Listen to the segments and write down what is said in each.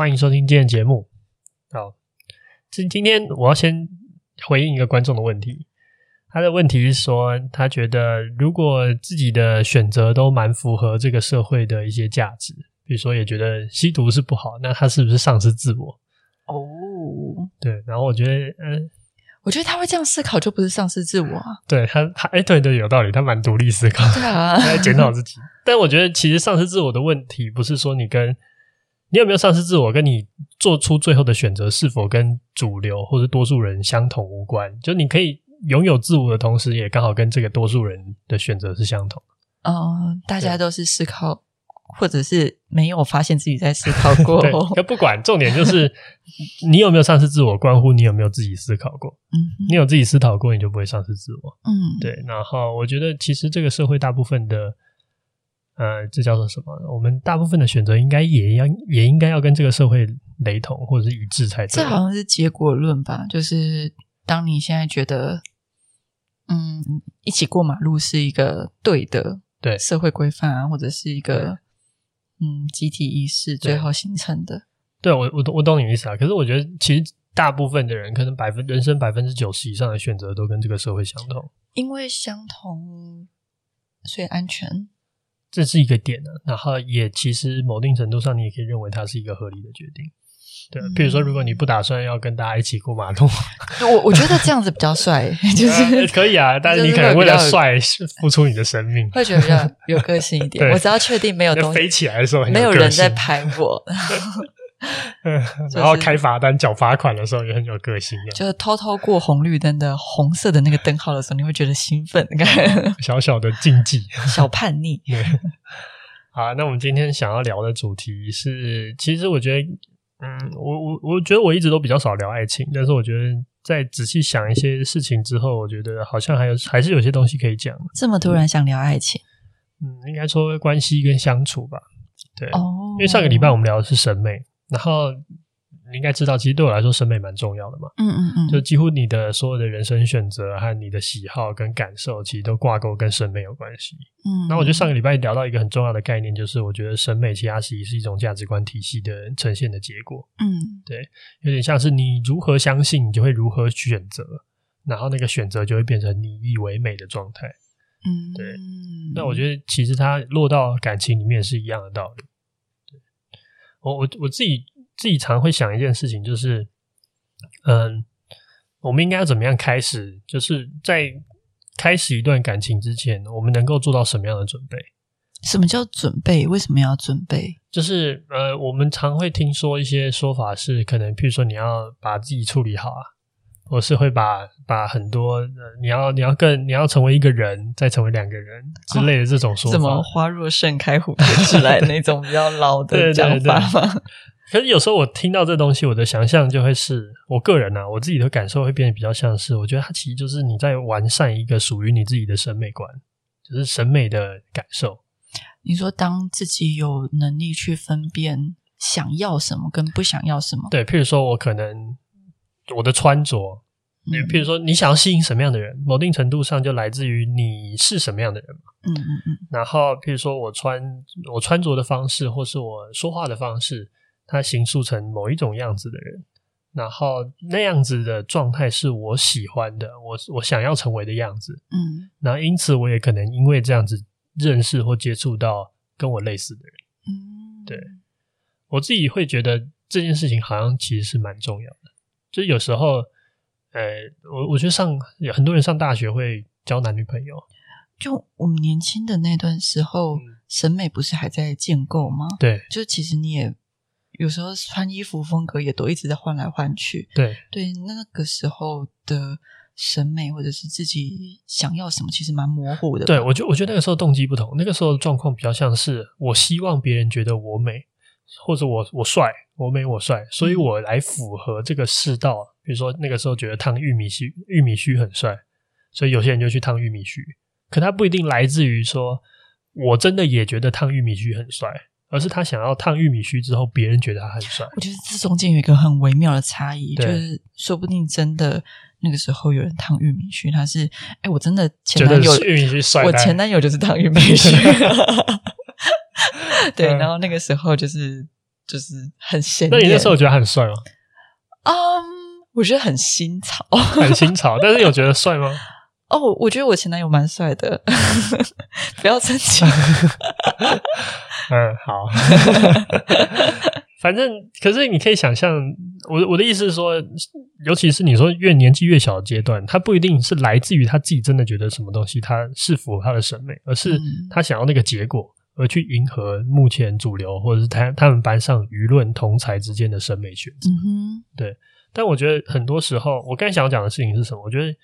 歡迎收聽今天的節目。好，今今天我要先回應一個觀眾的問題。他的問題是說，他覺得如果自己的選擇都蠻符合這個社會的一些價值，比如說也覺得吸毒是不好，那他是不是喪失自我？哦，對。然後我覺得，嗯、呃，我覺得他會這樣思考，就不是喪失自我啊。對他，他哎，欸、對、對對，有道理，他蠻獨立思考，對啊、他在檢討自己。 但我覺得，其實喪失自我的問題，不是說你跟。你有沒有喪失自我？跟你做出最後的選擇是否跟主流或者多數人相同無關？就你可以擁有自我的同時，也剛好跟這個多數人的選擇是相同。嗯、呃，大家都是思考，或者是沒有發現自己在思考過。 不管重點就是你有沒有喪失自我，關乎你有沒有自己思考過。嗯，你有自己思考過，你就不會喪失自我。嗯，對。然後我覺得，其實這個社會大部分的。呃，這叫做什麼？我們大部分的選擇應該也要也應該要跟這個社會雷同，或者是一致才對。這好像是結果論吧？就是當你現在覺得，嗯，一起過馬路是一個對的，對社會規範啊，或者是一個嗯集體意識最後形成的。對，對我，我我懂你意思啊。可是我覺得，其實大部分的人可能百分人生百分之九十以上的選擇都跟這個社會相同，因為相同，所以安全。這是一個點呢、啊，然後也其實某一定程度上，你也可以認為它是一個合理的決定。對，嗯、比如說，如果你不打算要跟大家一起過馬路，我我覺得這樣子比較帥，就是 、啊、可以啊。但是你可能為了帥付出你的生命，就是、比較會覺得有個性一點。 我只要確定沒有東西你飛起來的時候，沒有人在拍我。 嗯就是、然後開罰單繳罰款的時候也很有個性的，就是偷偷過紅綠燈的 紅色的那個燈號的時候，你會覺得興奮，你看小小的禁忌，小叛逆 。好，那我們今天想要聊的主題是，其實我覺得，嗯，我我我覺得我一直都比較少聊愛情，但是我覺得在仔細想一些事情之後，我覺得好像還有還是有些東西可以講。這麼突然想聊愛情，嗯，嗯應該說關係跟相處吧。對，哦、因為上個禮拜我們聊的是審美。然後你應該知道，其實對我來說，審美蠻重要的嘛。嗯嗯嗯，就幾乎你的所有的人生選擇和你的喜好跟感受，其實都掛鈎跟審美有關係。嗯，那我覺得上個禮拜聊到一個很重要的概念，就是我覺得審美其實也是一種價值觀體系的呈現的結果。嗯，對，有點像是你如何相信，你就會如何選擇，然後那個選擇就會變成你以為美的狀態。嗯，對。那我覺得其實它落到感情裡面是一樣的道理。我我我自己自己常會想一件事情，就是，嗯、呃，我們應該要怎麼樣開始？就是在開始一段感情之前，我們能夠做到什麼樣的準備？什麼叫準備？為什麼要準備？就是呃，我們常會聽說一些說法是，是可能，比如說你要把自己處理好啊。我是會把把很多你要你要更你要成為一個人，再成為兩個人之類的這種說法，哦怎麼花若盛開，蝴蝶自來那種比較老的講法嗎 對對對對。可是有時候我聽到這東西，我的想象就會是我個人吶、啊，我自己的感受會變得比較像是，我覺得它其實就是你在完善一個屬於你自己的審美觀，就是審美的感受。你說，當自己有能力去分辨想要什麼跟不想要什麼，對，譬如說我可能。我的穿着，你比，比如說，你想要吸引什麼樣的人，嗯，某定程度上就來自於你是什麼樣的人嘛。嗯嗯嗯。然後，比如說我穿我穿着的方式，或是我說話的方式，它形塑成某一種樣子的人。然後那樣子的狀態是我喜歡的，我我想要成為的樣子。嗯。然後因此，我也可能因為這樣子認識或接觸到跟我類似的人。嗯。對，我自己會覺得這件事情好像其實是蠻重要的。就有時候，呃，我我覺得上有很多人上大學會交男女朋友。就我們年輕的那段時候，嗯，審美不是還在建構嗎？對，就其實你也有時候穿衣服風格也都一直在換來換去。對對，那個時候的審美或者是自己想要什麼，其實蠻模糊的。對，我覺得，我覺得那個時候動機不同，那個時候的狀況比較像是我希望別人覺得我美。或者我我帥，我美我帥，所以我來符合這個世道。比如說那個時候覺得燙玉米須，玉米須很帥，所以有些人就去燙玉米須。可他不一定來自於說我真的也覺得燙玉米須很帥，而是他想要燙玉米須之後別人覺得他很帥。我覺得這中間有一個很微妙的差異，就是說不定真的那個時候有人燙玉米須，他是哎、欸、我真的前男友是玉米須帥，我前男友就是燙玉米須。 對、嗯，然後那個時候就是就是很顯，那你那時候覺得很帥嗎？嗯、um,，我覺得很新潮， 很新潮，但是你有覺得帥嗎？哦、oh,，我覺得我前男友蠻帥的， 不要生氣。 嗯，好， 反正可是你可以想象，我我的意思是說，尤其是你說越年紀越小的階段，他不一定是來自於他自己真的覺得什麼東西，他是符合他的審美，而是他想要那個結果。嗯而去迎合目前主流，或者是他他們班上輿論同儕之間的審美選擇。嗯，對。但我覺得很多時候，我剛才想講的事情是什麼？我覺得，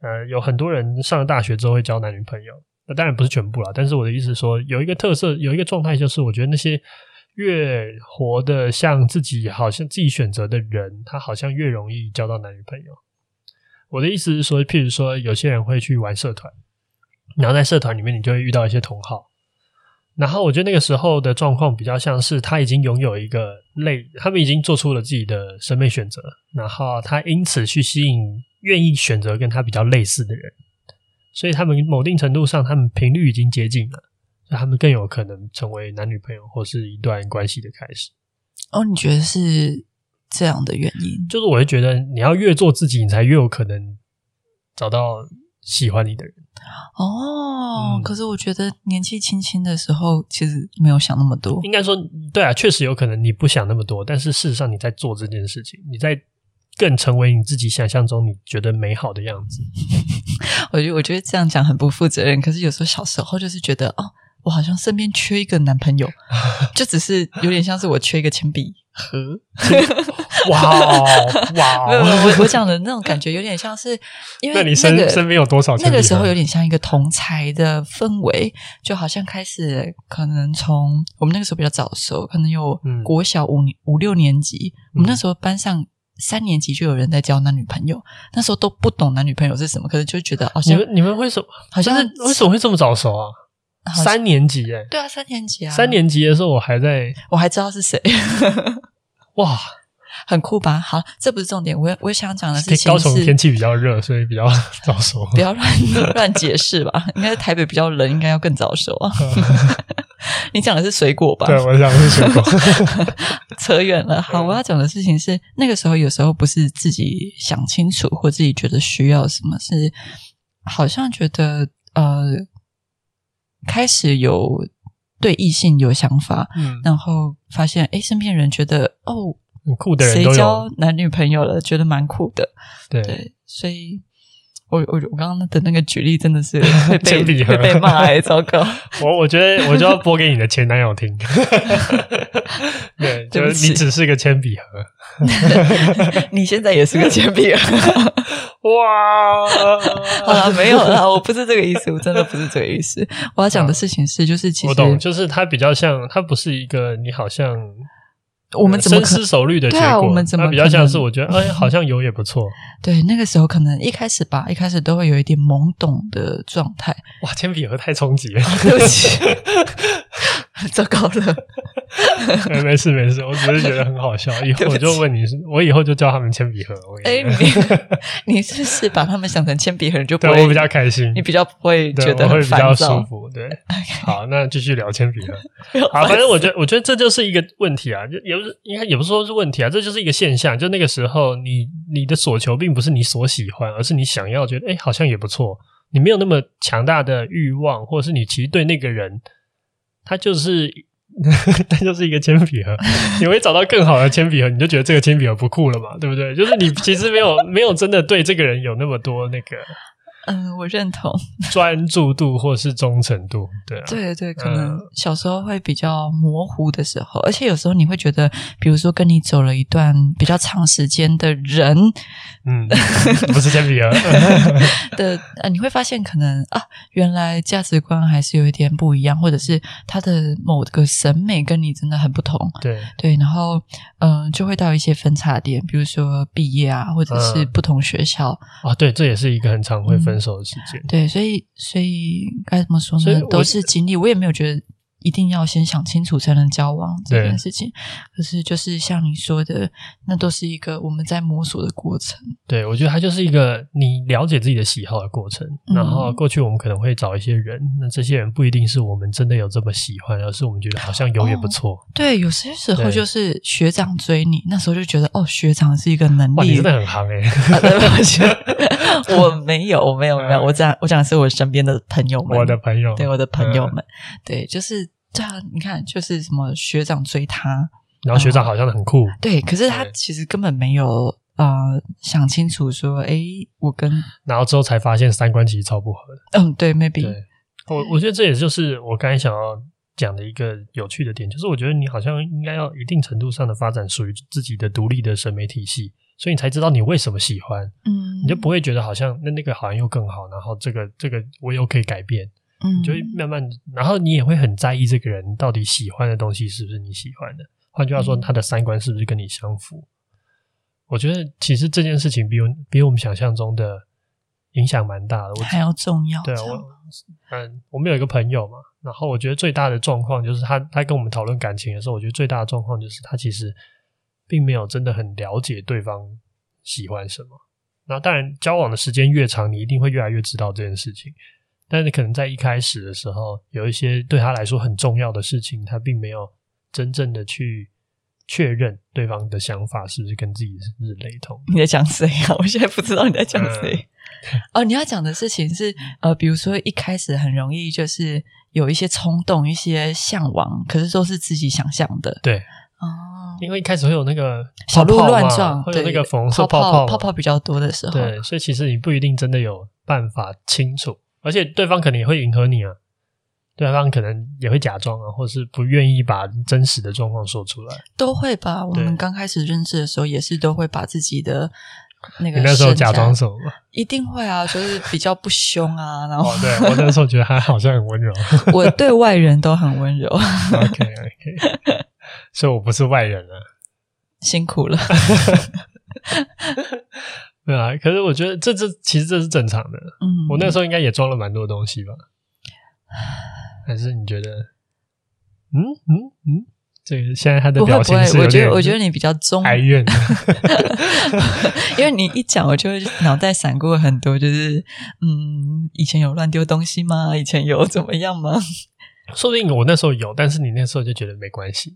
呃，有很多人上了大學之後會交男女朋友，那、呃、當然不是全部了。但是我的意思是說，有一個特色，有一個狀態，就是我覺得那些越活得像自己，好像自己選擇的人，他好像越容易交到男女朋友。我的意思是說，譬如說，有些人會去玩社團，然後在社團裡面，你就會遇到一些同好。然後我覺得那個時候的狀況比較像是，他已經擁有一個類，他們已經做出了自己的審美選擇，然後他因此去吸引願意選擇跟他比較類似的人，所以他們某定程度上，他們頻率已經接近了，所以他們更有可能成為男女朋友或是一段關係的開始。哦，你覺得是這樣的原因？就是我會覺得，你要越做自己，你才越有可能找到。喜歡你的人哦、嗯，可是我覺得年紀輕輕的時候，其實沒有想那麼多。應該說，對啊，確實有可能你不想那麼多，但是事實上你在做這件事情，你在更成為你自己想象中你覺得美好的樣子。 我覺得，我覺得這樣講很不負責任。可是有時候小時候就是覺得，哦，我好像身邊缺一個男朋友， 就只是有點像是我缺一個鉛筆。和哇哦，哇 Wow, wow！哦， 我我講的那種感覺有點像是，因為、那個、 那你身身邊有多少那個時候有點像一個同儕的氛圍， 就好像開始可能從我們那個時候比較早熟，可能有國小五、嗯、五六年級，我們那時候班上三年級就有人在交男女朋友，那時候都不懂男女朋友是什麼，可是就覺得哦，你們你們為什麼好像是為什麼會這麼早熟啊？三年級哎、欸，對啊，三年級啊。三年級的時候，我還在，我還知道是誰。 哇，很酷吧？好，這不是重點。我我想講的事情是，高雄天氣比較熱，所以比較早熟。不要亂亂解釋吧， 應該是台北比較冷，應該要更早熟。 你講的是水果吧？對，我想的是水果。 扯遠了。好，我要講的事情是，那個時候有時候不是自己想清楚或自己覺得需要什麼，是好像覺得呃。開始有對異性有想法，嗯，然後發現誒，身邊人覺得哦，很酷的人誰交男女朋友了，覺得蠻酷的，對，對，所以。我我我剛剛的那個舉例真的是鉛筆盒被罵還，糟糕！ 我我覺得我就要播給你的前男友聽， 對，就是你只是個鉛筆盒， 你現在也是個鉛筆盒， 哇！好啦，沒有啦，我不是這個意思，我真的不是這個意思。我要講的事情是，啊、就是其實，我懂，就是它比較像，它不是一個你好像。我們怎麼、嗯、深思熟慮的結果，嗯、對、啊、我們怎麼？那、啊、比較像是我覺得，哎，好像有也不錯。 對，那個時候可能一開始吧，一開始都會有一點懵懂的狀態。哇，鉛筆盒太衝擊了，哦、對不起。 糟糕了、 哎！沒事沒事，我只是覺得很好笑。， 以後我就問你，我以後就叫他們鉛筆盒。Okay? 欸、你你是不是把他們想成鉛筆盒，你就不會對我比較開心，你比較不會覺得很我會比較舒服。對，okay，好，那繼續聊鉛筆盒。 好，反正我覺得我覺得這就是一個問題啊，就也不是，應該也不是說是問題啊，這就是一個現象。就那個時候你，你你的所求並不是你所喜歡，而是你想要覺得哎，好像也不錯。你沒有那麼強大的慾望，或者是你其實對那個人。它就是呵呵，它就是一個鉛筆盒。你會找到更好的鉛筆盒， 你就覺得這個鉛筆盒不酷了嘛？對不對？就是你其實沒有 沒有真的對這個人有那麼多那個。嗯，我認同專注度或是忠誠度，對啊，對對，可能小時候會比較模糊的時候，嗯，而且有時候你會覺得，比如說跟你走了一段比較長時間的人，嗯， 不是煎餅、啊、 的，呃，你會發現可能啊，原來價值觀還是有一點不一樣，或者是他的某個審美跟你真的很不同，對對，然後嗯，呃，就會到一些分叉點，比如說畢業啊，或者是不同學校，嗯、啊，對，這也是一個很常會分分手的時間，對，所以所以該怎麼說呢？都是經歷，我，我也沒有覺得。一定要先想清楚才能交往這件事情。可是，就是像你說的，那都是一個我們在摸索的過程。對，我覺得它就是一個你了解自己的喜好的過程。嗯、然後、啊，過去我們可能會找一些人，那這些人不一定是我們真的有這麼喜歡，而是我們覺得好像有也不錯。哦、對，有些時候就是學長追你，那時候就覺得哦，學長是一個能力，哇你真的很行哎、欸。啊、 我沒有，我沒有， 沒有。我講我講的是我身邊的朋友們，我的朋友，對我的朋友們， 對，就是。對啊，你看，就是什麼學長追他，然後學長好像很酷，哦、對。可是他其實根本沒有呃想清楚說，說哎，我跟然後之後才發現三觀其實超不合的。嗯，對，maybe 對。我我覺得這也就是我剛才想要講的一個有趣的點，就是我覺得你好像應該要一定程度上的發展屬於自己的獨立的審美體系，所以你才知道你為什麼喜歡。嗯，你就不會覺得好像那那個好像又更好，然後這個這個我又可以改變。嗯，就慢慢、嗯，然後你也會很在意這個人到底喜歡的東西是不是你喜歡的。換句話說，他的三觀是不是跟你相符？嗯、我覺得其實這件事情比我比我們想象中的影響蠻大的。我還要重要？對啊，我嗯，我們有一個朋友嘛，然後我覺得最大的狀況就是他他跟我們討論感情的時候，我覺得最大的狀況就是他其實並沒有真的很了解對方喜歡什麼。那當然，交往的時間越長，你一定會越來越知道這件事情。但是可能在一開始的時候，有一些對他來說很重要的事情，他並沒有真正的去確認對方的想法是不是跟自己是不是雷同。你在講誰啊？我現在不知道你在講誰，嗯。哦，你要講的事情是呃，比如說一開始很容易就是有一些衝動、一些向往，可是都是自己想象的。對，哦，嗯，因為一開始會有那個泡泡小鹿亂撞，會有那個粉紅色泡泡泡泡，泡泡比較多的時候。對，所以其實你不一定真的有辦法清楚。而且對方可能也會迎合你啊，對方可能也會假裝啊，或是不願意把真實的狀況說出來，都會吧。我們剛開始認識的時候，也是都會把自己的那個，你那時候假裝什麼？一定會啊，就是比較不凶啊。然後，哦、對，我那時候覺得他好像很溫柔， 我對外人都很溫柔。OK，OK，okay, okay 所以，我不是外人啊。辛苦了。 對啊，可是我覺得這這其實這是正常的。嗯，我那時候應該也裝了蠻多東西吧？嗯、還是你覺得？嗯嗯嗯，這個現在他的表情是有點有，不會不會，我覺得，我覺得你比較中哀怨， 因為你一講，我就會腦袋閃過很多，就是嗯，以前有亂丟東西嗎？以前有怎麼樣嗎？說不定我那時候有，但是你那時候就覺得沒關係。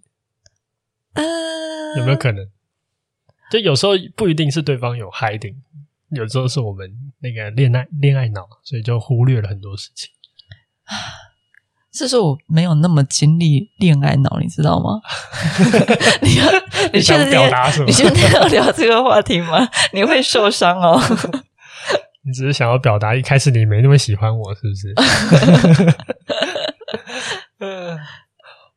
啊、呃？有沒有可能？就有時候不一定是對方有 hiding，有時候是我們那個戀愛戀愛腦，所以就忽略了很多事情。這是說我沒有那麼經歷戀愛腦，你知道嗎？ 你要，你現在要聊這個話題嗎？你會受傷哦。 你只是想要表達一開始你沒那麼喜歡我，是不是？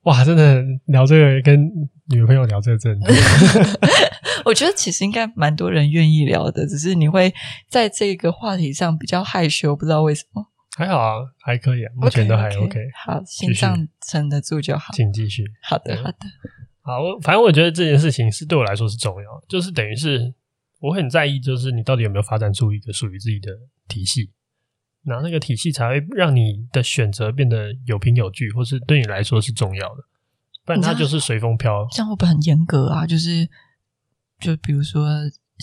哇，真的聊這個，跟女朋友聊這個真的， 我覺得其實應該蠻多人願意聊的，只是你會在這個話題上比較害羞，不知道為什麼。還好啊，還可以啊，目前都還 OK, okay。Okay, 好，心臟撐得住就好。請繼續。好的，好的。好，我反正我覺得這件事情是對我來說是重要，就是等於是我很在意，就是你到底有沒有發展出一個屬於自己的體系。拿那個體系才會讓你的選擇變得有憑有據，或是對你來說是重要的。不然它就是隨風飄。這樣會不會很嚴格啊？就是，就比如說。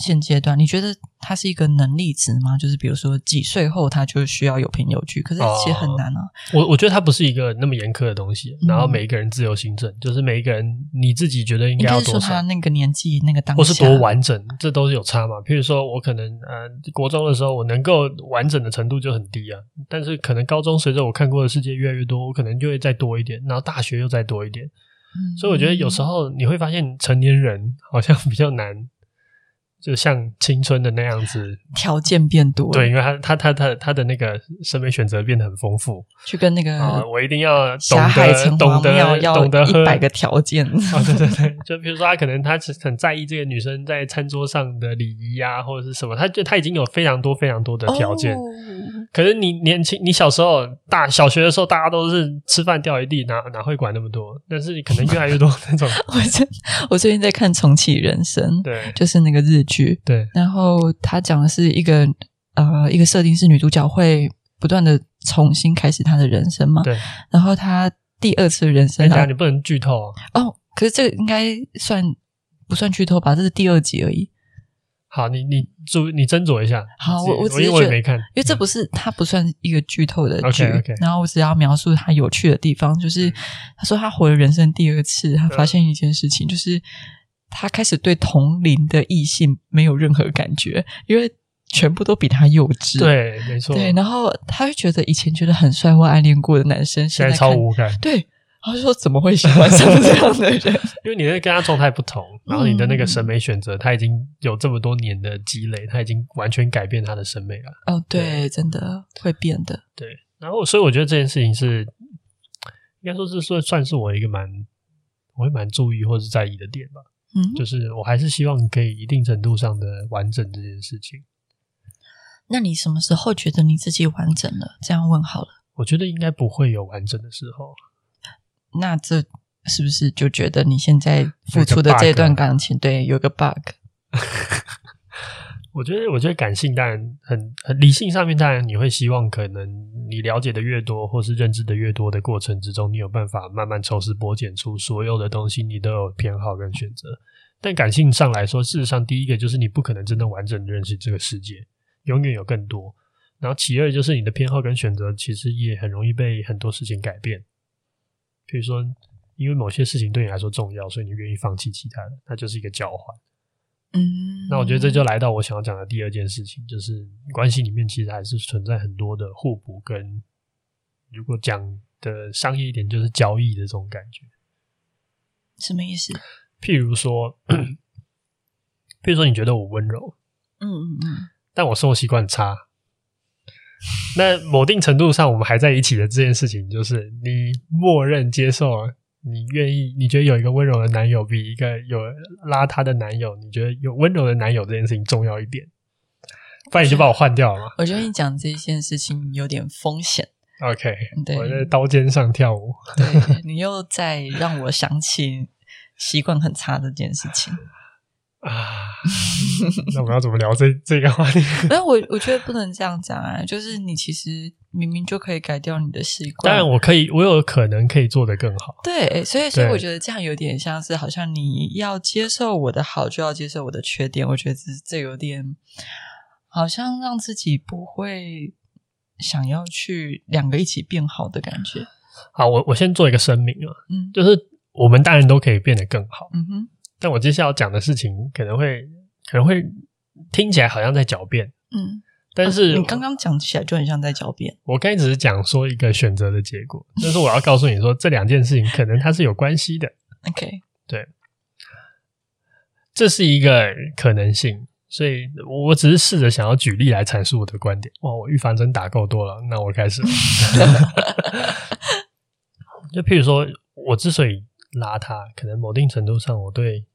現階段你覺得他是一個能力值嗎？就是比如說，幾歲後他就需要有憑有據，可是其實很難啊。哦、我我覺得他不是一個那麼嚴苛的東西，然後每一個人自由行政，嗯、就是每一個人你自己覺得應該要多少是他那個年紀那個當或是多完整，這都是有差嘛。譬如說我可能呃國中的時候我能夠完整的程度就很低啊，但是可能高中隨着我看過的世界越來越多，我可能就會再多一點，然後大學又再多一點。嗯、所以我覺得有時候你會發現成年人好像比較難。就像青春的那樣子，條件變多。對，因為他他他他他的那個審美選擇變得很豐富，去跟那個、呃、我一定要懂得，霞海城隍懂得。要懂得一百個條件、哦。對對對， 就比如說他可能他很很在意這個女生在餐桌上的禮儀啊，或者是什麼，他就他已經有非常多非常多的條件、哦。可是你年輕，你小時候大小學的時候，大家都是吃飯掉一地，哪哪會管那麼多？但是你可能越來越多那種。 我最我最近在看重啟人生，對，就是那個日。劇對，然後他講的是一個呃，一個設定是女主角會不斷的重新開始她的人生嘛？對，然後她第二次的人生，你、欸、等下你不能劇透哦，哦。可是這個應該算不算劇透吧？這是第二集而已。好，你你你，你斟酌一下。好，我我因為我也沒看，因為這不是、嗯、他不算一個劇透的劇、okay, okay。然後我只要描述他有趣的地方，就是、嗯、他說他活了人生第二次，他發現一件事情就是。他開始對同齡的異性沒有任何感覺，因為全部都比他幼稚。對，沒錯。對，然後他就覺得以前覺得很帥或暗戀過的男生現在，現在超無感。對，他就說：“怎麼會喜歡上這樣的人？” 因為你的跟他狀態不同，然後你的那個審美選擇，他已經有這麼多年的積累，嗯、他已經完全改變他的審美了。哦，對，對真的會變的。對，然後所以我覺得這件事情是應該說是算算是我一個蠻我也蠻注意或者在意的點吧。嗯，就是我還是希望可以一定程度上的完整這件事情。那你什麼時候覺得你自己完整了？這樣問好了。我覺得應該不會有完整的時候。那這是不是就覺得你現在付出的這段感情，啊，對，有個 bug？ 我覺得，我覺得感性當然很很理性上面，當然你會希望，可能你了解的越多，或是認知的越多的過程之中，你有辦法慢慢抽絲剝繭出所有的東西，你都有偏好跟選擇。但感性上來說，事實上第一個就是你不可能真的完整的認識這個世界，永遠有更多。然後其二就是你的偏好跟選擇其實也很容易被很多事情改變。比如說，因為某些事情對你來說重要，所以你願意放棄其他的，那就是一個交換。嗯，那我覺得這就來到我想要講的第二件事情，就是關係裡面其實還是存在很多的互補跟，如果講的商業一點，就是交易的這種感覺。什麼意思？譬如說， 譬如說，你覺得我溫柔，嗯嗯嗯，但我生活習慣差。那某定程度上，我們還在一起的這件事情，就是你默認接受了。你願意？你覺得有一個溫柔的男友比一個有邋遢的男友，你覺得有溫柔的男友這件事情重要一點？不然你就把我換掉嘛！Okay. 我覺得你講這件事情有點風險。OK，對，我在刀尖上跳舞。對，你又在讓我想起習慣很差這件事情 啊！那我要怎麼聊這這個話題？ 但我我覺得不能這樣講啊！就是你其實。明明就可以改掉你的習慣，當然我可以，我有可能可以做得更好。對，所以，所以我覺得這樣有點像是好像你要接受我的好，就要接受我的缺點。我覺得這這有點好像讓自己不會想要去兩個一起變好的感覺。好，我我先做一個聲明啊，嗯，就是我們大人都可以變得更好，嗯哼。但我接下來要講的事情，可能會可能會聽起來好像在狡辯，嗯。但是，啊，你剛剛講起來就很像在狡辯。我剛才只是講說一個選擇的結果， 但是我要告訴你說，這兩件事情可能它是有關係的。OK， 對，這是一個可能性，所以我只是試着想要舉例來闡述我的觀點。哇，我預防針打夠多了，那我開始。 就譬如說，我之所以邋遢，可能某定程度上，我對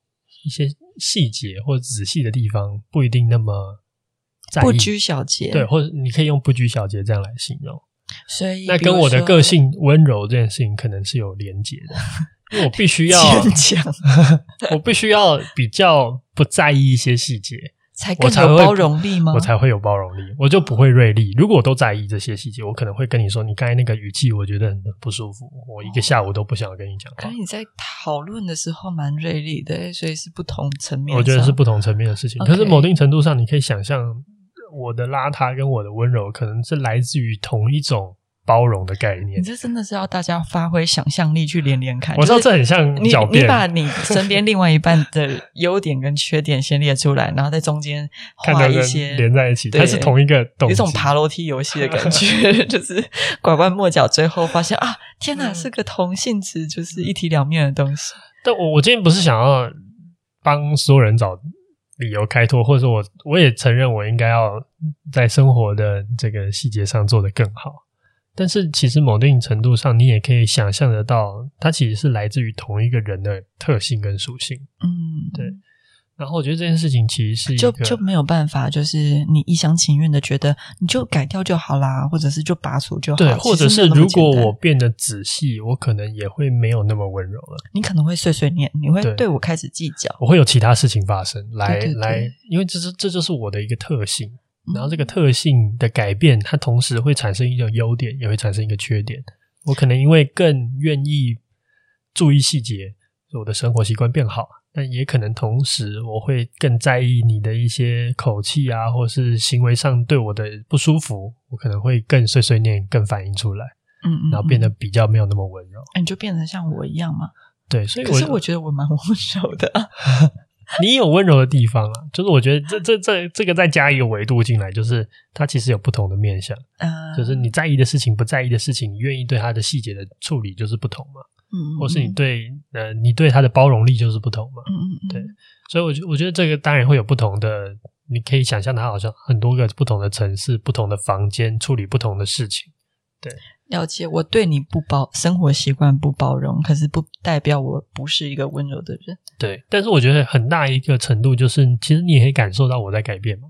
一些細節或仔細的地方不一定那麼。不拘，不拘小節，對，或者你可以用“不拘小節”這樣來形容。所以，那跟我的個性溫柔這件事情，可能是有連結的。 因為我必須要堅強， 我必須要比較不在意一些細節，才更有包容力嗎？我才會，我才會有包容力，我就不會銳利。哦、如果我都在意這些細節，我可能會跟你說，你剛才那個語氣，我覺得很不舒服。我一個下午都不想跟你講可是，哦，你在討論的時候蠻銳利的，所以是不同層面的。我覺得是不同層面的事情。哦、可是，某一定程度上，你可以想象。我的邋遢跟我的溫柔，可能是來自於同一種包容的概念。你這真的是要大家發揮想象力去連連看。我知道這很像狡辯、就是、你，你把你身邊另外一半的優點跟缺點先列出來， 然後在中間畫一些看連在一起，它是同一個東西，有一種爬樓梯遊戲的感覺， 就是拐彎抹角，最後發現啊，天哪，是個同性質、嗯，就是一體兩面的東西。但我我今天不是想要幫所有人找理由開脫，或者說我我也承認，我應該要在生活的這個細節上做得更好。但是，其實某一定程度上，你也可以想象得到，它其實是來自於同一個人的特性跟屬性。嗯，對。然後我覺得這件事情其實是一個，就就沒有辦法，就是你一廂情願的覺得你就改掉就好啦，或者是就拔除就好。對，或者是如果我變得仔細，我可能也會沒有那麼溫柔了。你可能會碎碎念，你會對我開始計較，我會有其他事情發生，來對對對來，因為這是這就是我的一個特性。然後這個特性的改變，它同時會產生一種優點，也會產生一個缺點。我可能因為更願意注意細節，我的生活習慣變好但也可能同時，我會更在意你的一些口氣啊，或是行為上對我的不舒服，我可能會更碎碎念，更反映出來，嗯，嗯，嗯，然後變得比較沒有那麼溫柔。哎、欸，你就變成像我一樣嗎？對，所以可是我覺得我蠻溫柔的、啊。 你有溫柔的地方啊，就是我覺得這這這這個再加一個維度進來，就是它其實有不同的面相、嗯，就是你在意的事情、不在意的事情，你願意對它的細節的處理就是不同嘛。嗯，嗯，嗯、或是你對、嗯、呃，你對他的包容力就是不同嘛。嗯，嗯，嗯，對，所以我覺得，我覺得這個當然會有不同的。你可以想象，他好像很多個不同的城市、不同的房間，處理不同的事情。對，了解。我對你不包生活習慣不包容，可是不代表我不是一個溫柔的人。對，但是我覺得很大一個程度就是，其實你也可以感受到我在改變嘛。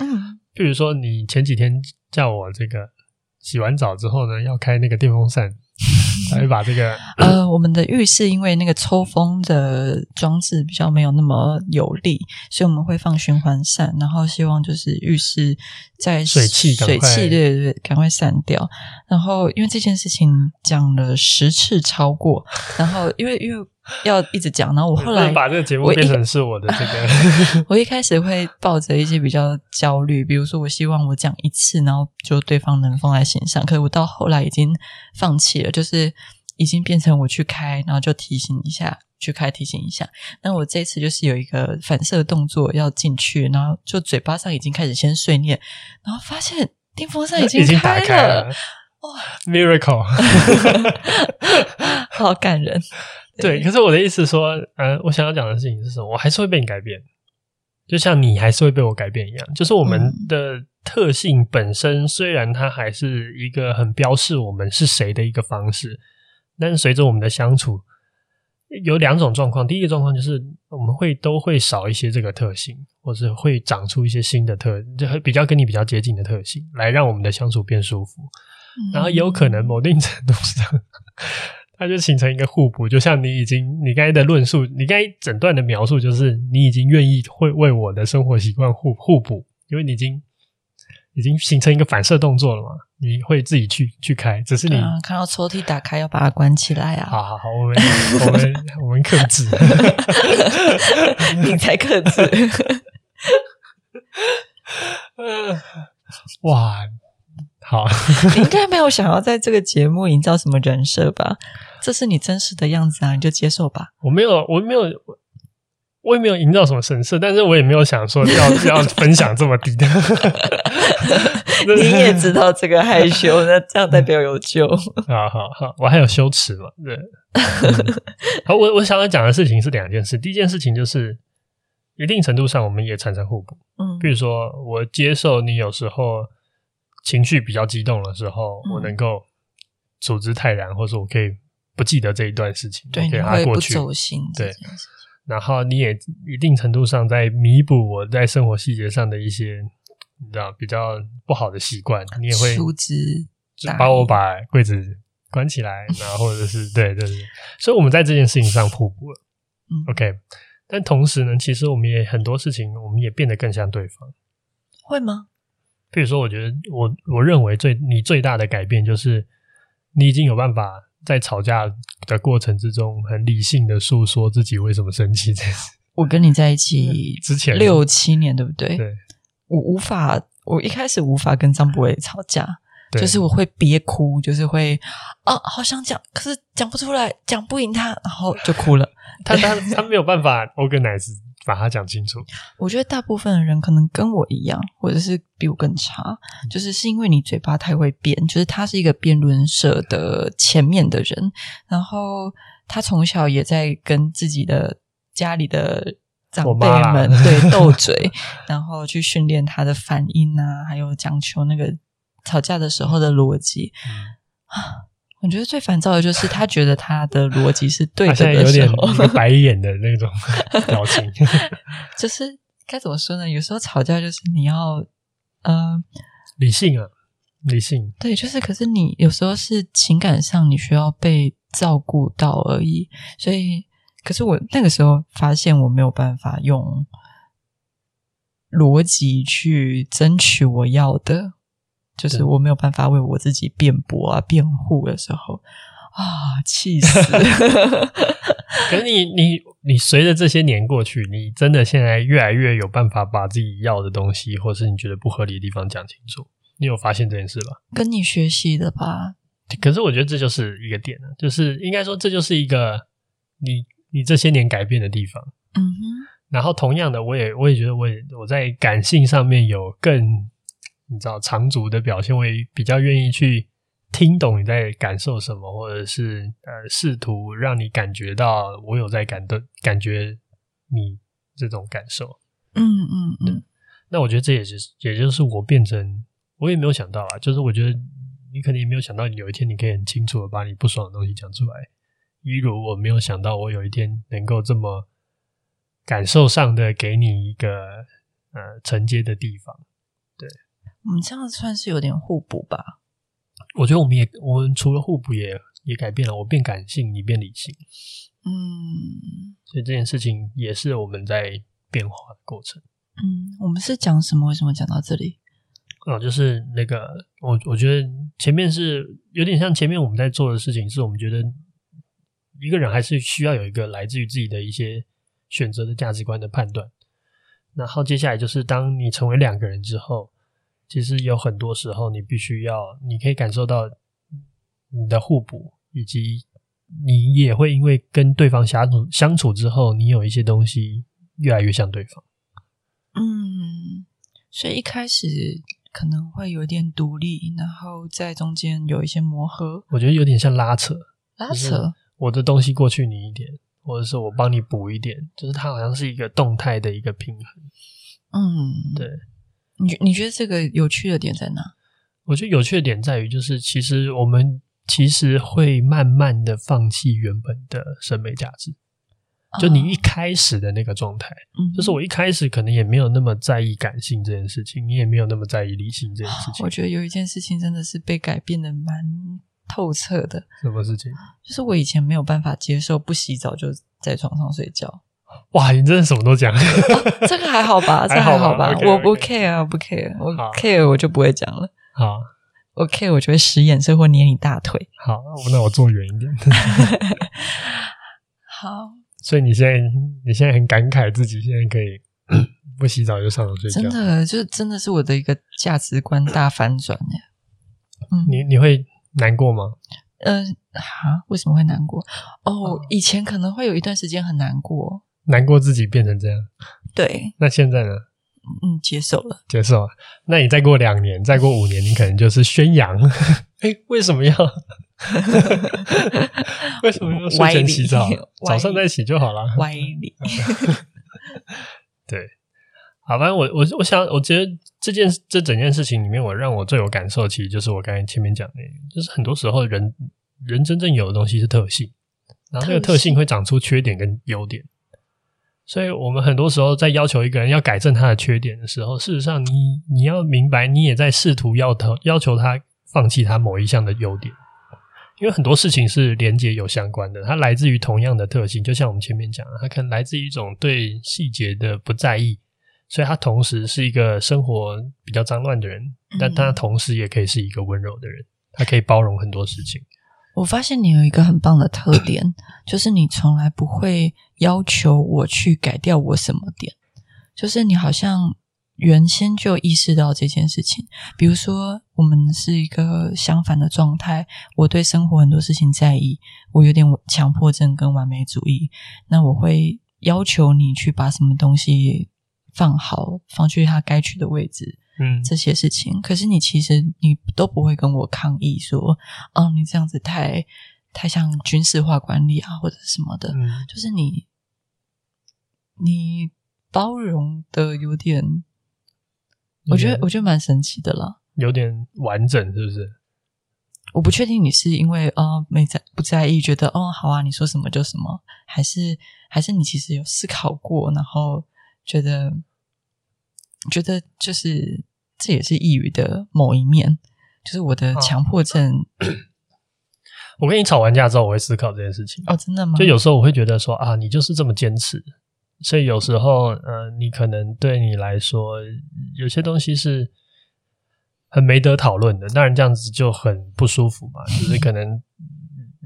嗯，比如說你前幾天叫我這個洗完澡之後呢，要開那個電風扇。 把這個呃，我們的浴室因為那個抽風的裝置比較沒有那麼有力，所以我們會放循環扇，然後希望就是浴室在水汽、水汽，水氣對，對對，趕快散掉。然後因為這件事情講了十次超過，然後因為因為。要一直講，然後我後來你把這個節目變成是我的這個。我一， 我一開始會抱着一些比較焦慮，比如說我希望我講一次，然後就對方能放在心上。可是我到後來已經放棄了，就是已經變成我去開，然後就提醒一下，去開提醒一下。那我這次就是有一個反射的動作要進去，然後就嘴巴上已經開始先碎念，然後發現電風扇已經開了，已經打開了。哇，miracle， 好感人。對，可是我的意思說，呃，我想要講的事情是什麼？我還是會被你改變，就像你還是會被我改變一樣。就是我們的特性本身，雖然它還是一個很標示我們是誰的一個方式，但是隨着我們的相處，有兩種狀況。第一個狀況就是我們會都會少一些這個特性，或是會長出一些新的特，就會比較跟你比較接近的特性，來讓我們的相處變舒服。嗯、然後也有可能某一定程度上。嗯它就形成一個互補，就像你已經你剛才的論述，你剛才整段的描述，就是你已經願意會為我的生活習慣互互補，因為你已經已經形成一個反射動作了嘛，你會自己去去開，只是你，啊，看到抽屜打開要把它關起來啊。好好好，我們我們， 我們我們克制， 你才克制。 哇，好，你應該沒有想要在這個節目營造什麼人設吧？這是你真實的樣子啊，你就接受吧。我沒有，我沒有，我也沒有營造什麼神色，但是我也沒有想說要要分享這麼低的 就是。你也知道這個害羞，那這樣代表有救。 好好好，我還有羞恥嘛？對。 好，我我想要講的事情是兩件事。第一件事情就是一定程度上，我們也產生互補。嗯，比如說，我接受你有時候情緒比較激動的時候，嗯、我能夠處之泰然，或者我可以。不記得這一段事情，對，他、okay, 過去對。然後你也一定程度上在彌補我在生活細節上的一些，你知道比較不好的習慣。你也會把我把櫃子關起來，然後或者是 對，對對，對。所以我們在這件事情上互補了，嗯，OK。但同時呢，其實我們也很多事情，我們也變得更像對方。會嗎？比如說，我覺得我我認為最你最大的改變就是你已經有辦法。在吵架的過程之中，很理性的訴說自己為什麼生氣，這樣子，我跟你在一起之前六七年，對不對？對，我無法，我一開始無法跟張博偉吵架，對，就是我會憋哭，就是會，啊，好想講，可是講不出來，講不贏他，然後就哭了。 他他他沒有辦法 organize。把它講清楚。我覺得大部分的人可能跟我一樣，或者是比我更差，就是是因為你嘴巴太會辯，就是他是一個辯論社的前面的人，然後他從小也在跟自己的家裡的長輩們對鬥嘴， 然後去訓練他的反應啊，還有講求那個吵架的時候的邏輯。嗯我覺得最煩躁的就是他覺得他的邏輯是對的，的，現在有點白眼的那種表情 就是該怎麼說呢？有時候吵架就是你要，呃，理性啊，理性。對，就是可是你有時候是情感上你需要被照顧到而已。所以，可是我那個時候發現我沒有辦法用邏輯去爭取我要的。就是我沒有辦法為我自己辯駁啊、辯護的時候啊，氣死！ 可是你、你、你隨着這些年過去，你真的現在越來越有辦法把自己要的東西，或是你覺得不合理的地方講清楚。你有發現這件事吧？跟你學習的吧？可是我覺得這就是一個點呢、啊，就是應該說，這就是一個你你這些年改變的地方。嗯哼。然後同樣的，我也我也覺得我也我在感性上面有更。你知道長足的表現，為比較願意去聽懂你在感受什麼，或者是呃試圖讓你感覺到我有在感的感覺你這種感受。嗯嗯嗯。那我覺得這也就是，也就是我變成我也沒有想到啊，就是我覺得你可能也沒有想到，你有一天你可以很清楚的把你不爽的東西講出來。一如我沒有想到，我有一天能夠這麼感受上的給你一個呃承接的地方。我們這樣算是有點互補吧？我覺得我們也，我們除了互補，也也改變了。我變感性，你變理性。嗯，所以這件事情也是我們在變化的過程。嗯，我們是講什麼，為什麼講到這裡？哦，就是那個，我我覺得前面是有點像前面我們在做的事情，是我們覺得一個人還是需要有一個來自於自己的一些選擇的價值觀的判斷。然後接下來就是當你成為兩個人之後。其實有很多時候，你必須要，你可以感受到你的互補，以及你也會因為跟對方相處相處之後，你有一些東西越來越像對方。嗯，所以一開始可能會有點獨立，然後在中間有一些磨合。我覺得有點像拉扯。拉扯。我的東西過去你一點，或者是我幫你補一點，就是它好像是一個動態的一個平衡。嗯，對。你你覺得這個有趣的點在哪？我覺得有趣的點在於，就是其實我們其實會慢慢的放棄原本的審美價值，就你一開始的那個狀態。嗯、啊，就是我一開始可能也沒有那麼在意感性這件事情、嗯，你也沒有那麼在意理性這件事情。我覺得有一件事情真的是被改變得蠻透徹的。什麼事情？就是我以前沒有辦法接受不洗澡就在床上睡覺。哇，你真的什麼都講、 啊，這個還好吧？這還好吧？好 okay, okay. 我不 care 啊，不 care，我 care 我就不會講了。好，我 care 我就會使眼色或捏你大腿。好，那我坐遠一點。 好，所以你現在你現在很感慨自己現在可以、 嗯、不洗澡就上床睡覺，真的，就真的是我的一個價值觀大反轉耶 嗯，你你會難過嗎？嗯、呃，啊，為什麼會難過？哦、oh, oh.，以前可能會有一段時間很難過。難過自己變成這樣，對。那現在呢？嗯，接受了，接受了。那你再過兩年，再過五年，你可能就是宣揚。哎、 欸，為什麼要？ 為什麼要睡前洗澡？早上再洗就好了。歪理。 對。好，反正我我我想，我覺得這件這整件事情裡面，我讓我最有感受，其實就是我剛才前面講的，就是很多時候人人真正有的東西是特性，然後這個特性會長出缺點跟優點。所以我們很多時候在要求一個人要改正他的缺點的時候，事實上你，你你要明白，你也在試圖要他要求他放棄他某一項的優點，因為很多事情是連結有相關的，它來自於同樣的特性。就像我們前面講的，它可能來自於一種對細節的不在意，所以它同時是一個生活比較髒亂的人，但他同時也可以是一個溫柔的人，他可以包容很多事情。我發現你有一個很棒的特點，就是你從來不會要求我去改掉我什麼點。就是你好像原先就意識到這件事情。比如說，我們是一個相反的狀態，我對生活很多事情在意，我有點強迫症跟完美主義，那我會要求你去把什麼東西放好，放去它該去的位置。嗯、這些事情，可是你其實你都不會跟我抗議說，哦，你這樣子太太像軍事化管理啊，或者什麼的，嗯、就是你你包容的有點，我覺得我覺得蠻神奇的啦，有點完整，是不是？我不確定你是因為啊、呃、沒在不在意，覺得哦好啊，你說什麼就什麼，還是還是你其實有思考過，然後覺得覺得就是。這也是抑鬱的某一面，就是我的強迫症。啊、我跟你吵完架之後，我會思考這件事情。哦、啊，真的嗎？就有時候我會覺得說啊，你就是這麼堅持，所以有時候，呃，你可能對你來說，有些東西是很沒得討論的。當然，這樣子就很不舒服嘛。就是可能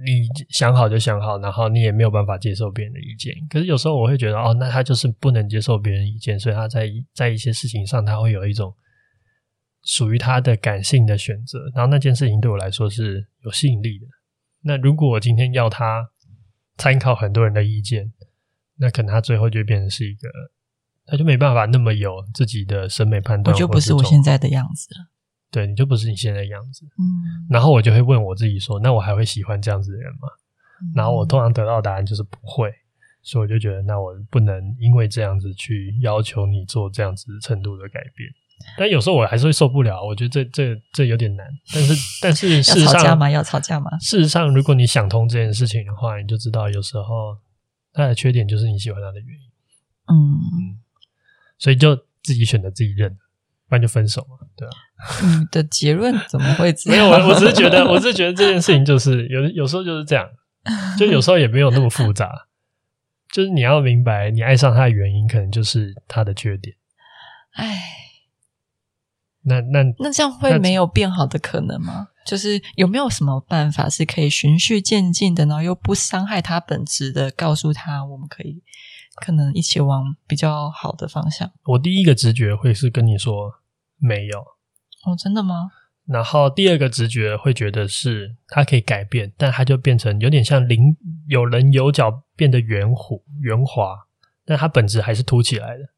你想好就想好，然後你也沒有辦法接受別人的意見。可是有時候我會覺得，哦，那他就是不能接受別人的意見，所以他在在一些事情上，他會有一種。屬於他的感性的選擇，然後那件事情對我來說是有吸引力的。那如果我今天要他參考很多人的意見，那可能他最後就會變成是一個，他就沒辦法那麼有自己的審美判斷，我就不是我現在的樣子了。對，你就不是你現在的樣子。嗯。然後我就會問我自己說：“那我還會喜歡這樣子的人嗎？”嗯。然後我通常得到的答案就是不會，所以我就覺得那我不能因為這樣子去要求你做這樣子程度的改變。但有時候我還是會受不了，我覺得這這這有點難。但是但是事實上要吵架嘛。事實上，如果你想通這件事情的話，你就知道有時候他的缺點就是你喜歡他的原因。嗯，所以就自己選擇自己認，不然就分手嘛，對吧、啊？你、嗯、的結論怎麼會這樣 沒有？我我只是覺得，我只是覺得這件事情就是有有時候就是這樣，就有時候也沒有那麼複雜。嗯、就是你要明白，你愛上他的原因，可能就是他的缺點。哎。那那那這樣會沒有變好的可能嗎？就是有沒有什麼辦法是可以循序漸進的呢？然後又不傷害他本質的，告訴他我們可以可能一起往比較好的方向。我第一個直覺會是跟你說沒有，哦，真的嗎？然後第二個直覺會覺得是它可以改變，但它就變成有點像稜，有稜有角變得圓弧圓滑，但它本質還是凸起來的。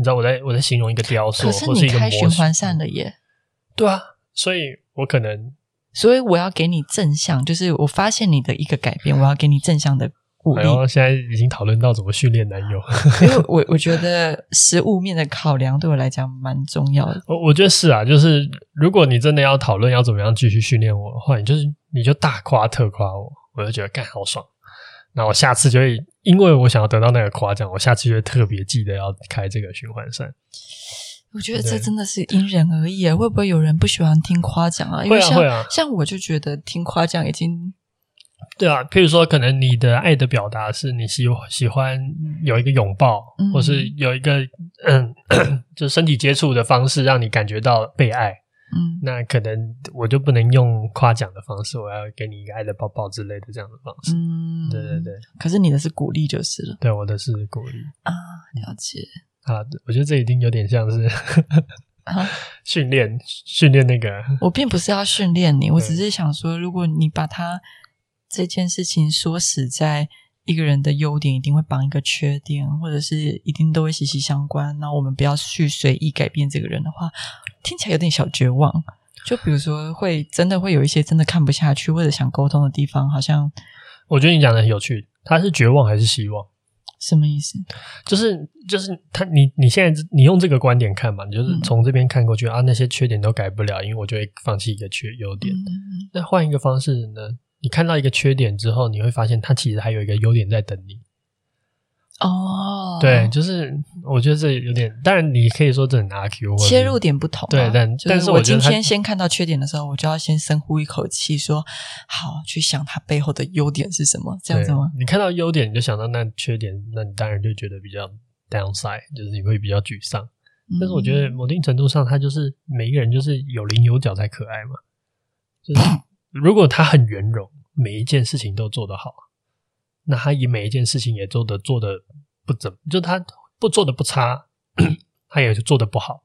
你知道我在我在形容一個雕塑，或是一個模型可是你開循環扇了耶！對啊，所以我可能……所以我要給你正向，就是我發現你的一個改變，我要給你正向的鼓勵。哎呦，現在已經討論到怎麼訓練男友，因 為我我覺得食物面的考量對我來講蠻重要的。我我覺得是啊，就是如果你真的要討論要怎麼樣繼續訓練我的話，你就是你就大誇特誇我，我就覺得幹好爽。那我下次就會，因為我想要得到那個誇獎，我下次就會特別記得要開這個循環扇。我覺得這真的是因人而異啊，會不會有人不喜歡聽誇獎啊？因為像、會啊、像我就覺得聽誇獎已經……對啊，譬如說，可能你的愛的表達是你喜喜歡有一個擁抱、嗯，或是有一個嗯 就身體接觸的方式，讓你感覺到被愛。嗯，那可能我就不能用誇獎的方式，我要給你一個愛的抱抱之類的這樣的方式。嗯，對對對。可是你的，是鼓勵就是了。對，我的是鼓勵。啊，了解。啊，我覺得這已經有點像是 訓練、啊，訓練那個。我並不是要訓練你，我只是想說，如果你把他這件事情說死在。一個人的優點一定會幫一個缺點，或者是一定都會息息相關。那我們不要去隨意改變這個人的話，聽起來有點小絕望。就比如說，會真的會有一些真的看不下去或者想溝通的地方，好像我覺得你講的很有趣。他是絕望還是希望？什麼意思？就是就是他，你你現在你用這個觀點看嘛？你就是從這邊看過去、嗯、啊，那些缺點都改不了，因為我就會放棄一個缺優點、嗯。那換一個方式呢？你看到一個缺點之後，你會發現它其實還有一個優點在等你。哦、oh，對，就是我覺得這有點，當然，你可以說這很阿 Q。切入點不同、啊，對，但但、就是我今天我先看到缺點的時候，我就要先深呼一口氣說，說好，去想它背後的優點是什麼，這樣子嗎？你看到優點，你就想到那缺點，那你當然就覺得比較 downside，就是你會比較沮喪。嗯、但是我覺得，某定程度上，他就是每一個人就是有稜有角才可愛嘛，就是。 如果他很圓融，每一件事情都做得好，那他以每一件事情也做得做得不怎麼，就他不做得不差， 他也就做得不好。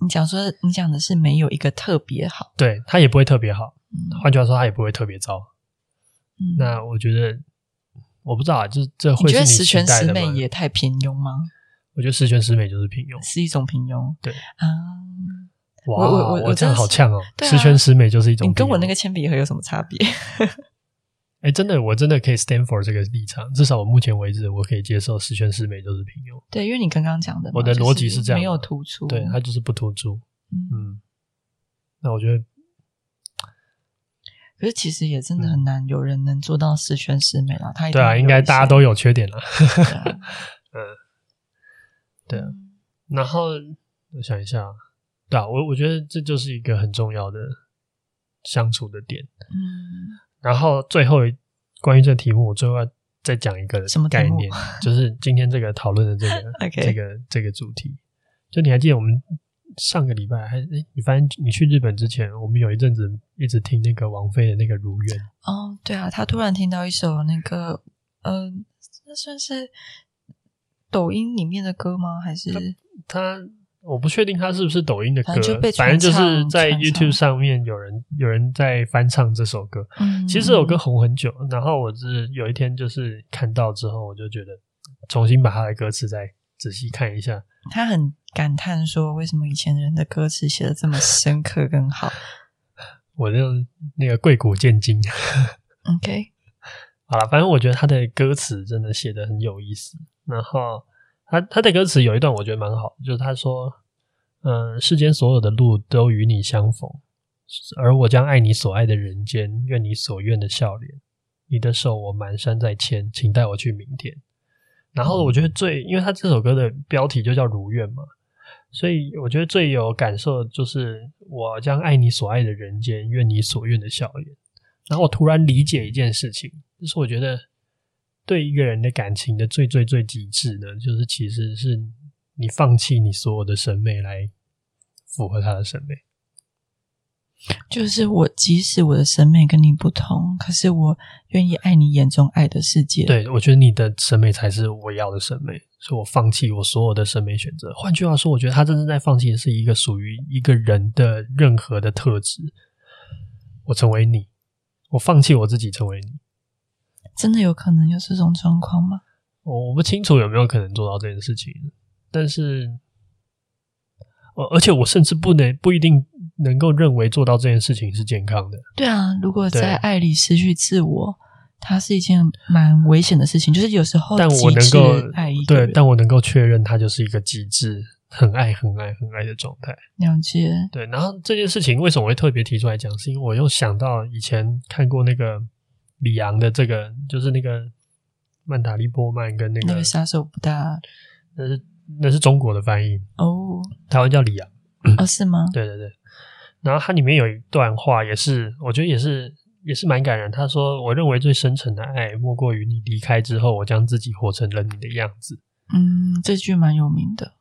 你想說，你講的是沒有一個特別好，對，他也不會特別好、嗯。換句話說，他也不會特別糟。嗯、那我覺得，我不知道啊，就這會是你，你覺得十全十美也太平庸嗎？我覺得十全十美就是平庸，是一種平庸。對啊。嗯哇，我我我真的好嗆哦！十全、啊、十美就是一種。你跟我那個鉛筆盒有什麼差別？哎、 欸，真的，我真的可以 stand for 這個立場。至少我目前為止，我可以接受十全十美就是平庸。對，因為你剛剛講的，我的邏輯是這樣，就是、沒有突出，對，它就是不突出嗯。嗯，那我覺得，可是其實也真的很難、嗯、有人能做到十全十美啊，他一定對啊，應該大家都有缺點啦。啊、 嗯，對啊。嗯、對然後我想一下。對啊，我我覺得這就是一個很重要的相處的點。嗯，然後最後關於這個題目，我最後要再講一個什麼概念，就是今天這個討論的這個、 okay. 這個這個主題。就你還記得我們上個禮拜還誒你發現你去日本之前，我們有一陣子一直聽那個王菲的那個《如願》。哦，對啊，他突然聽到一首那個嗯，那、呃、算是抖音裡面的歌嗎？還是他？他我不確定他是不是抖音的歌，反正就，反正就是在 YouTube 上面有人有人在翻唱這首歌。嗯、其實這首歌紅很久，然後我是有一天就是看到之後，我就覺得重新把他的歌詞再仔細看一下。他很感嘆說：“為什麼以前人的歌詞寫的這麼深刻更好？” 我就那個貴古鑑今。那個、 OK，好了，反正我覺得他的歌詞真的寫的很有意思，然後。他他的歌詞有一段我覺得蠻好，就是他說：“嗯，世間所有的路都與你相逢，而我將愛你所愛的人間，願你所願的笑臉，你的手我蹣跚在牽，請帶我去明天。”然後我覺得最，因為他這首歌的標題就叫“如願”嘛，所以我覺得最有感受就是“我將愛你所愛的人間，願你所願的笑臉。”然後我突然理解一件事情，就是我覺得。對一個人的感情的最最最極致的就是其實是你放棄你所有的審美來符合他的審美。就是我即使我的審美跟你不同，可是我願意愛你眼中愛的世界。對，我覺得你的審美才是我要的審美，所以我放棄我所有的審美選擇。換句話說，我覺得他真正在放棄的是一個屬於一個人的任何的特質。我成為你，我放棄我自己，成為你。真的有可能有這種狀況嗎？我我不清楚有沒有可能做到這件事情，但是，呃，而且我甚至不能，不一定能夠認為做到這件事情是健康的。對啊，如果在愛裡失去自我，它是一件蠻危險的事情。就是有時候，但我能夠，對，但我能夠確認，它就是一個極致，很愛、很愛、很愛的狀態。了解。對，然後這件事情為什麼我會特別提出來講？是因為我又想到以前看過那個。李昂的這個就是那個曼塔利波曼跟那個、那個、殺手不大，那是那是中國的翻譯哦，台灣叫里昂 啊，是嗎？對對對。然後它裡面有一段話，也是我覺得也是也是蠻感人。他說：“我認為最深沉的愛，莫過於你離開之後，我將自己活成了你的樣子。”嗯，這句蠻有名的。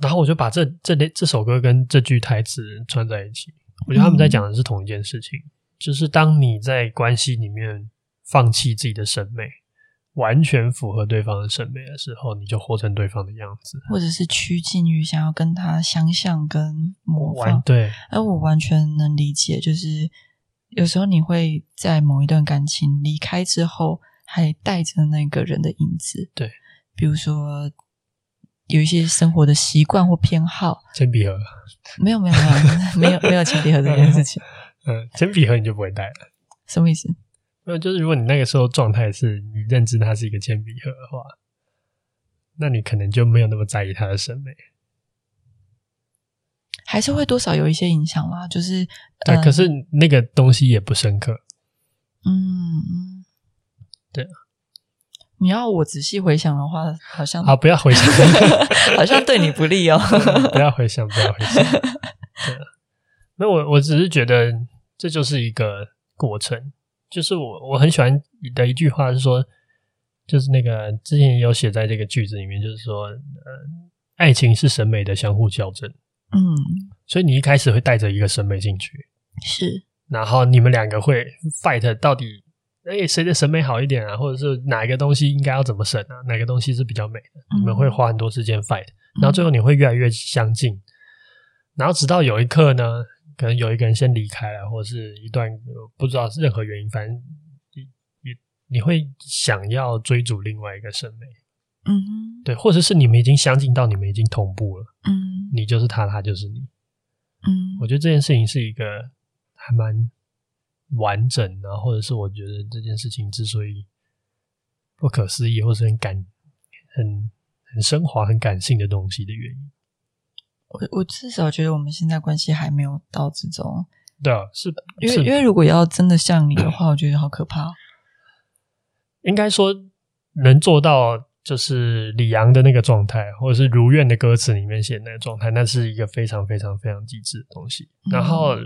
然後我就把這這類這首歌跟這句台詞串在一起，我覺得他們在講的是同一件事情。嗯就是當你在關係裡面放棄自己的審美，完全符合對方的審美的時候，你就活成對方的樣子，或者是趨近於想要跟他相像跟模仿。對，而我完全能理解，就是有時候你會在某一段感情離開之後，還帶着那個人的影子。對，比如說有一些生活的習慣或偏好，鉛筆盒沒有沒有沒有沒有沒有鉛筆盒這件事情。 嗯，鉛筆盒你就不會帶了？什麼意思？沒、嗯、有，就是如果你那個時候狀態是你認知它是一個鉛筆盒的話，那你可能就沒有那麼在意它的審美，還是會多少有一些影響啦、嗯。就是、嗯，可是那個東西也不深刻。嗯，對。你要我仔細回想的話，好像啊，不要回想， 好像對你不利哦、 嗯。不要回想，不要回想。對。那我，我只是覺得。這就是一個過程，就是我我很喜歡的一句話是說，就是那個之前有寫在這個句子裡面，就是說，呃，愛情是審美的相互校正。嗯，所以你一開始會帶着一個審美進去，是。然後你們兩個會 fight 到底，哎誰的審美好一點啊？或者是哪一個東西應該要怎麼審啊？哪個東西是比較美的？你們會花很多時間 fight，嗯，然後最後你會越來越相近，然後直到有一刻呢。可能有一個人先離開了，或者是一段不知道是任何原因，反正你你你會想要追逐另外一個審美，嗯，對，或者是你們已經相近到你們已經同步了，嗯，你就是他，他就是你，嗯，我覺得這件事情是一個還蠻完整的，或者是我覺得這件事情之所以不可思議，或者是很感、很很升華、很感性的東西的原因。我我至少覺得我們現在關係還沒有到這種，對啊，是的，因為因為如果要真的像你的話， 我覺得好可怕、哦。應該說能做到就是李陽的那個狀態，或者是如願的歌詞裡面寫的那個狀態，那是一個非常非常非常極致的東西、嗯。然後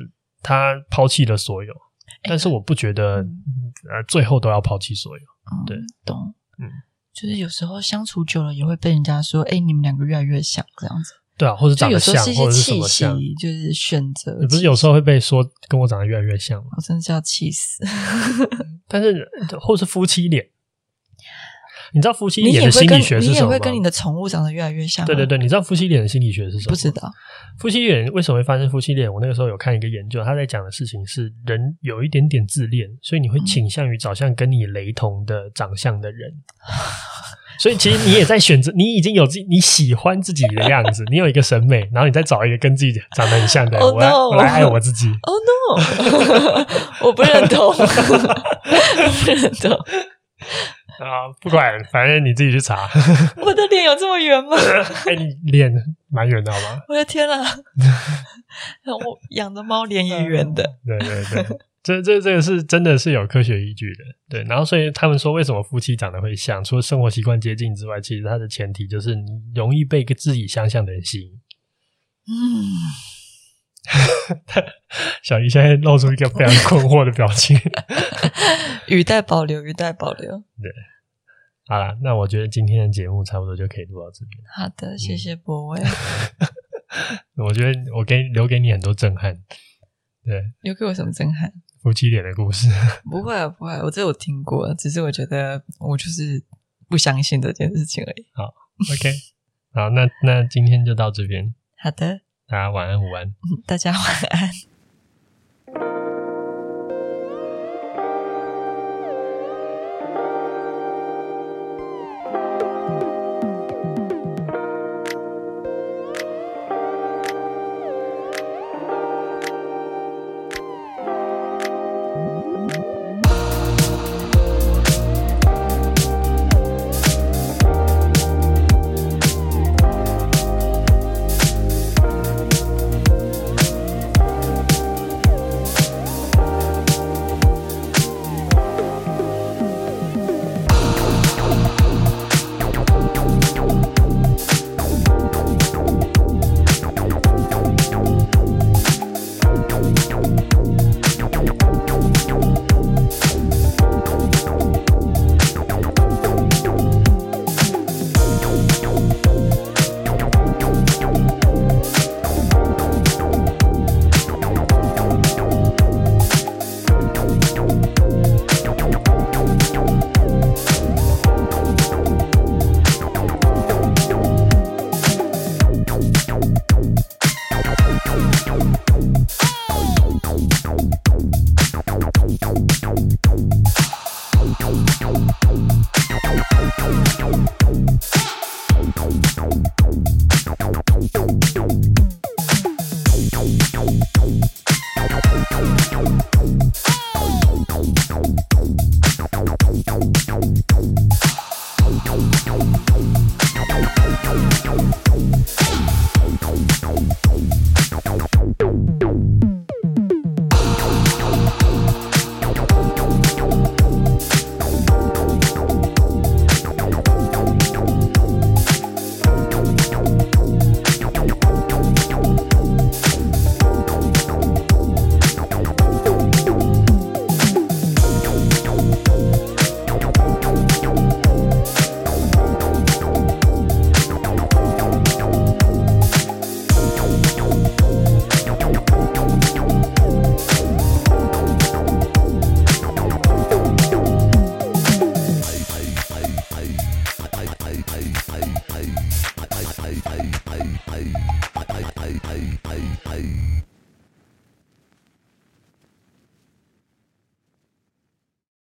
他拋棄了所有，嗯、但是我不覺得呃、嗯嗯、最後都要拋棄所有。對、嗯，懂，嗯，就是有時候相處久了也會被人家說，哎、嗯欸，你們兩個越來越像這樣子。對啊，或者長得像，或者是什麼像，就是選擇。你不是有時候會被說跟我長得越來越像嗎？我真的是要氣死！ 但是，或是夫妻臉，你知道夫妻臉的心理學是什麼嗎？你會跟你，會跟你的寵物長得越來越像。對對對，你知道夫妻臉的心理學是什麼？不知道。夫妻臉，為什麼會發生夫妻臉？我那個時候有看一個研究，他在講的事情是人有一點點自戀，所以你會傾向於找像跟你雷同的長相的人。嗯所以，其實你也在選擇，你已經有自己，你喜歡自己的樣子，你有一個審美，然後你再找一個跟自己長得很像的，oh、no, 我來，我來愛我自己。哦、oh、no！ 我不認同， 不認同啊！不管，反正你自己去查。 我的臉有這麼圓嗎？哎、你臉蠻圓的好嗎？我的天吶、啊！ 我養的貓臉也圓的、嗯。對對對。 這這這個是真的是有科學依據的，對。然後所以他們說，為什麼夫妻長得會像？除了生活習慣接近之外，其實它的前提就是你容易被跟自己相像的人吸引。嗯， 小魚現在露出一個非常困惑的表情。語、嗯、 帶保留，語帶保留。對，好啦，那我覺得今天的節目差不多就可以錄到這邊。好的，謝謝波威。嗯、 我覺得我給留給你很多震撼。對，留給我什麼震撼？夫妻臉的故事。不會啊，不會，不會，我這有聽過，只是我覺得我就是不相信這件事情而已。好，OK，好，那那今天就到這邊。好的，大家晚安，午安，嗯，大家晚安。